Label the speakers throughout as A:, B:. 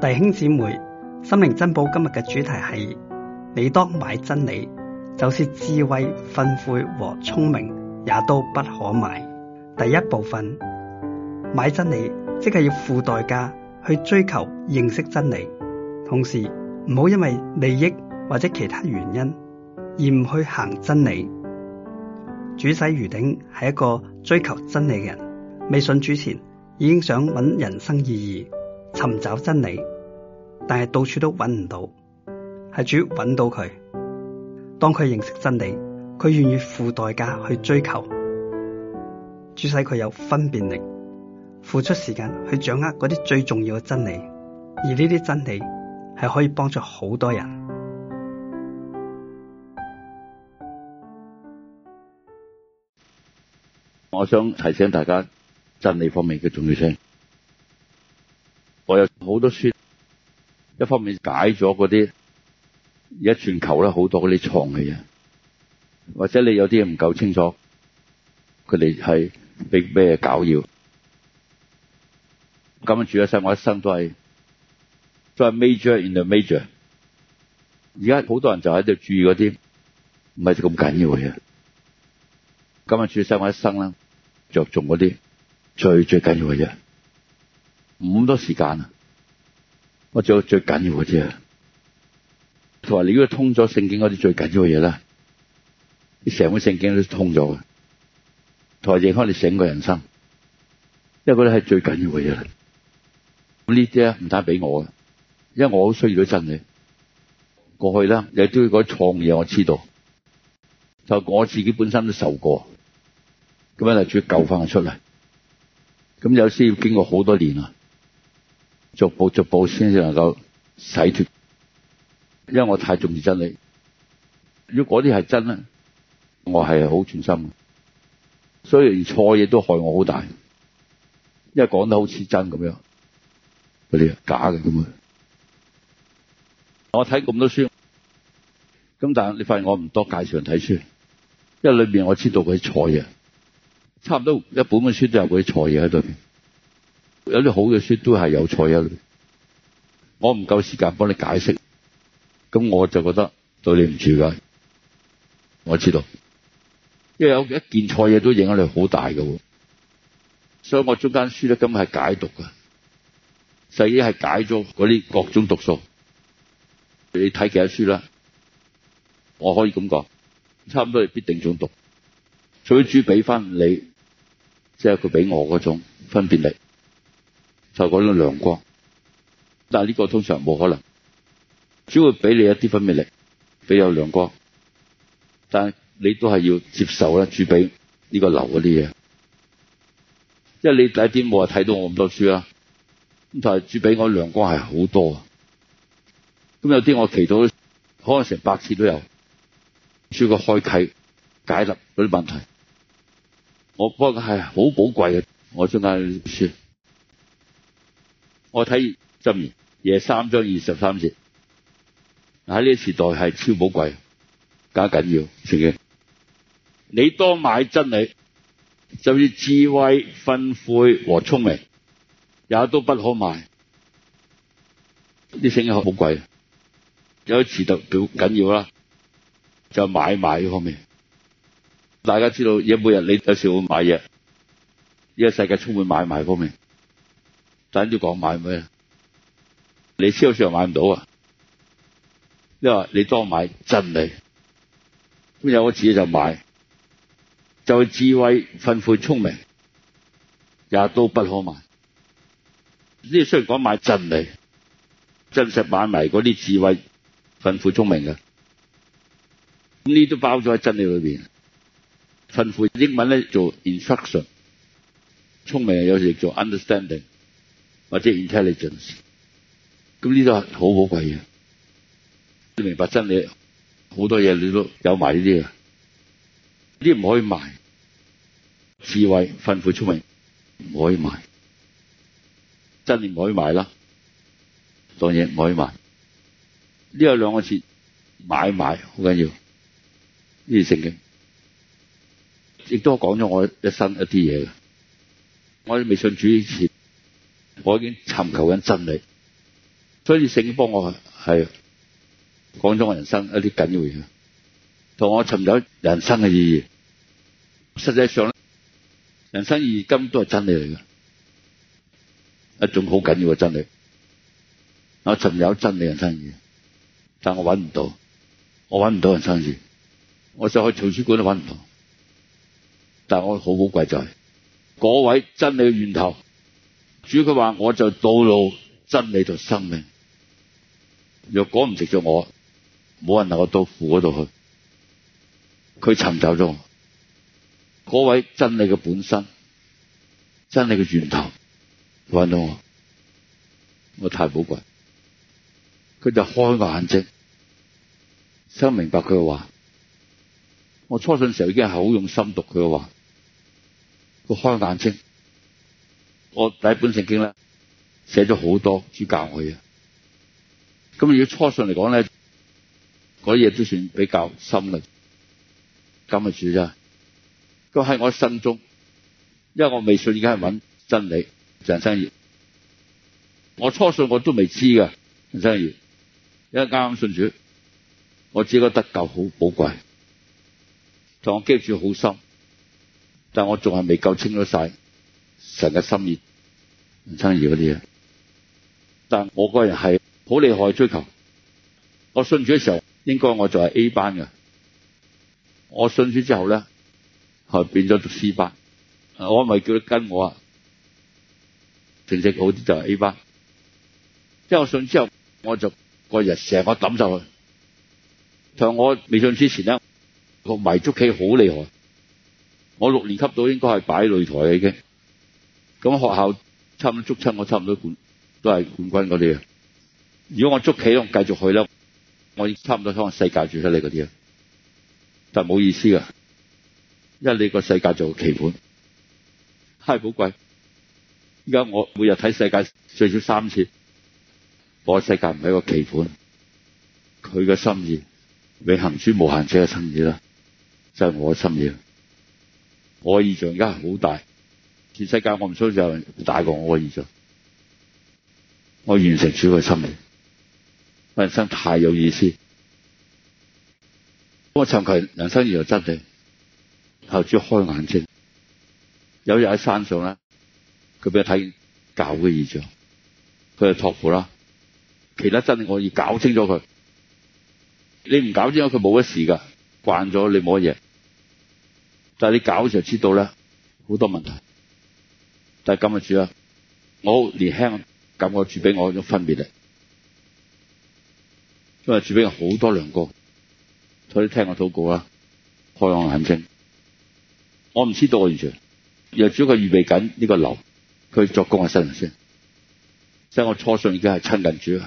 A: 弟兄姊妹，生命珍寶今日嘅主題係：你當買真理，就是智慧、訓誨和聰明也都不可賣。第一部分，買真理，即係要付代價去追求認識真理，同時唔好因為利益或者其他原因而唔去行真理。主使余鼎係一個追求真理嘅人，未信主前已經想揾人生意義，尋找真理。但係到處都揾唔到，係主要揾到佢。當佢認識真理，佢願意付代價去追求，主使佢有分辨力，付出時間去掌握嗰啲最重要嘅真理。而呢啲真理係可以幫助好多人。我想提醒大家真理方面嘅重要性。我有好多書。一方面解咗嗰啲而家全球咧好多嗰啲藏嘅嘢，或者你有啲唔夠清楚，佢哋係俾咩搞要？咁樣住一生，我一生都係都係 major in the major。而家好多人就喺度注意嗰啲唔係咁緊要嘅嘢。咁樣住生活一生，我一生啦，着重嗰啲最最緊要嘅嘢，唔咁多時間啊！我做最緊要嗰啲啊，同埋你如果你通咗聖經嗰啲最緊要嘅嘢啦，你成本聖經都通咗嘅，同埋影響你成個人生，因為嗰啲係最緊要嘅嘢啦。咁呢啲啊唔單俾我嘅，因為我好需要咗真理。過去咧，你都要講創嘢，我知道，就我自己本身都受過，咁樣就住要救翻出嚟，咁有時要經過好多年啊。逐步逐步先至能夠洗脱，因為我太重視真理。如果嗰啲係真咧，我係好全心，所以連錯嘢都害我好大，因為講得好似真咁樣，嗰啲假嘅咁啊！我睇咁多書，咁但係你發現我唔多介紹人睇書，因為裏面我知道佢啲錯嘢，差唔多一本本書都有佢啲錯嘢喺度。有啲好嘅書都係有錯嘢，我唔夠時間幫你解釋，咁我就覺得對你唔住噶。我知道，
B: 因為有一
A: 件錯嘢都影響你好大嘅，所以我中間書咧根本係解讀噶，細姨係解咗嗰啲各種毒素。你睇其他書啦，我可以咁講，差唔多係必定中毒，所以主俾翻你，即係佢俾我嗰種分別力。就講到亮光，但係呢個通常冇可能，只會俾你一啲分別力，俾有亮光，但係你都係要接受啦，主俾呢個流嗰啲嘢。即係你第一點冇話睇到我咁多書啦，咁但係主俾我亮光係好多，咁有啲我祈禱，可能成百次都有，主個開啟、解立嗰啲問題，我不過係好寶貴嘅，我中間書。我睇箴言廿三章二十三節，喺呢個時代係超寶貴，加緊要。聖經，你當買真理，就要智慧、訓誨和聰明，也都不可賣。啲聖經好貴，有啲字特別緊要啦，就買賣方面，大家知道有冇人你有時會買嘢，呢個世界充滿買賣方面。等住講買咩？你超市又買唔到啊！因為你當買真理，咁有個字就買，就智慧、訓誨、聰明，也都不可賣。呢雖然講買真理、真實買埋，嗰啲智慧、訓誨、聰明嘅，咁呢都包咗喺真理裏面。訓誨英文呢，做 instruction，聰明有時亦做 understanding。或者 intelligence，咁呢啲啊好寶貴嘅。你明白真理，好多嘢你都有埋呢啲嘅。呢啲唔可以賣，智慧、訓誨、聰明唔可以賣，真理唔可以賣啦。當然唔可以賣。呢有兩個字，買賣好緊要。呢啲聖經，亦都講咗我一生一啲嘢嘅。我未信主以前。我已經尋求緊真理，所以聖經幫我係講咗我人生一啲緊要嘢，同我尋找人生嘅意義。實際上咧，人生意義根本都係真理嚟嘅，一種好緊要嘅真理。我尋找真理人生意義，但我搵唔到，我搵唔到人生意義。我想去圖書館都搵唔到，但係我好好貴在嗰位真理嘅源頭。.主佢話，我就道路、真理同生命，若果唔藉著我，冇人能夠到父嗰度去。佢尋找咗我，嗰位真理嘅本身，真理嘅源頭，揾到我。我太寶貴，佢就開個眼睛，想明白佢嘅話。我初信時候已經係好用心讀佢嘅話，佢開個眼睛。我第一本聖經咧寫咗好多主教我嘅，咁如果初信嚟講咧，嗰啲嘢都算比較深嘞，跟住主啫。都喺我心中，因為我未信，而家係揾真理鄭生業，我初信我都未知嘅鄭生業，因為啱啱信主，我只覺得得救好寶貴，同我記住好深，但我仲係未夠清楚晒。成日心意、人生意啲啊，但我個人係好厲害追求。我信主嘅時候應該我就係 A 班嘅，我信主之後咧，係變咗讀 C 班。我咪叫你跟我啊，成績好啲就係 A 班。即係我信之後，我就個人成日抌上佢。像我未信之前咧，個迷足棋好厲害，我六年級到應該係擺擂台嘅已經。咁學校差唔多捉親，我差唔多冠都係冠軍嗰啲。如果我捉棋，我繼續去咧，我差唔多可能世界住得你嗰啲啊。但係冇意思噶，因為你個世界做棋盤太寶貴。依家我每日睇世界最少三次，我世界唔係一個棋盤，佢嘅心意，永恆主無限者嘅心意啦，就係、是、我嘅心意。我嘅意象而家好大。全世界我唔需要有人大過我嘅意象，我完成主嘅心意。人生太有意思，不過尋求人生而又真理，求主開眼睛。有日喺山上咧，佢俾睇搞嘅意象，佢就託付啦。其他真理可以搞清楚佢，你唔搞之後佢冇乜事噶，慣咗你冇乜嘢。但係你搞就知道咧，好多問題。係咁啊住啊！我好年輕，咁我住俾我有分別啊！因為住俾好多兩個，所以聽我禱告啦，開我眼睛。我唔知道我完全又主要佢預備緊呢個樓，佢作供係新人先，所以我初信已經係親近主，已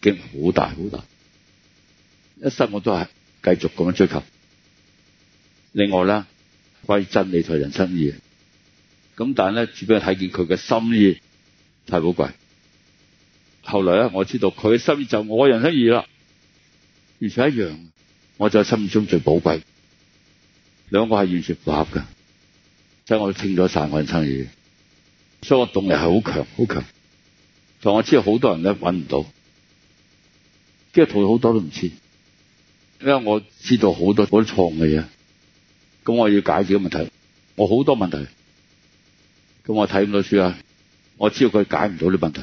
A: 經好大好大。一生我都係繼續咁樣追求。另外啦，咧，關於真理同人生意，咁但係咧，只不過睇見佢嘅心意太寶貴。後來咧，我知道佢嘅心意就我人生意啦，完全一樣。我就心目中最寶貴，兩個係完全符合嘅，所以我清咗晒我人生意，所以我動力係好強，好強。但我知道好多人咧揾唔到，跟住同好多都唔知。因為我知道好多嗰啲錯嘅嘢，咁我要解決嘅問題，我好多問題。咁我睇唔到書啊，我知道佢解唔到啲問題。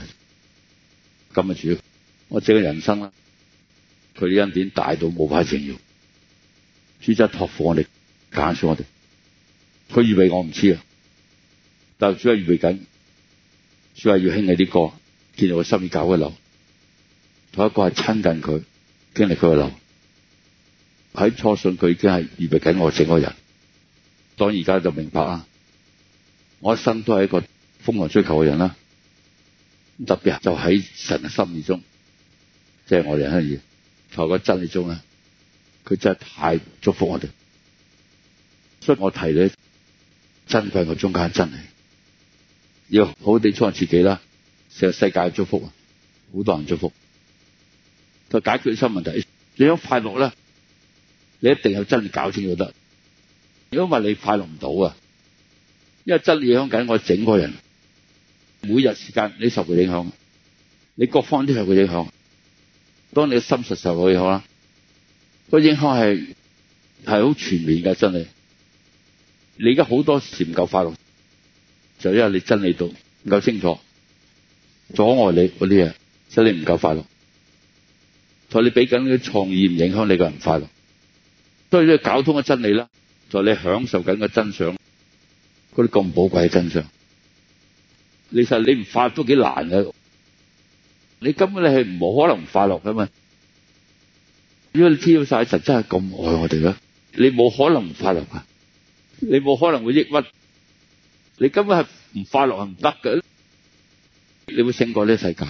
A: 咁啊，主要我整個人生啦，佢恩典大到無可形容，主真託付我哋，揀選我哋。佢預備我唔知啊，但主要預備緊，主係要興起呢個，見到我心意搞嘅流。同一個係親近佢，經歷佢嘅流。喺初信佢已經係預備緊我整個人，當而家就明白啊。我一生都係一個瘋狂追求嘅人啦，特別就喺神嘅心意中，即係我哋可以透過真理中咧，佢真係太祝福我哋，所以我提你珍貴嘅中間真係要好好地操練自己啦，成個世界祝福啊，好多人祝福，就解決新問題，你想快樂啦，你一定有真理搞清楚得，如果唔係你快樂唔到啊。因為真理影響緊我整個人，每日時間你受佢影響，你各方都係會影響。當你嘅心實受佢影響啦，個影響係係好全面嘅真理。你而家好多時唔夠快樂，就係因為你真理度唔夠清楚，阻礙你嗰啲嘢，所以你唔夠快樂。所以你俾緊啲創意唔影響你個人快樂，所以呢咧搞通嘅真理啦，就係你享受緊嘅真相。嗰啲咁寶貴嘅真相，你實你唔快樂都幾難嘅。你根本你係冇可能唔快樂嘅嘛。因為知道曬神真係咁愛我哋啦，你冇可能唔快樂啊！你冇可能會抑鬱，你根本係唔快樂係唔得嘅。你會勝過呢個世界。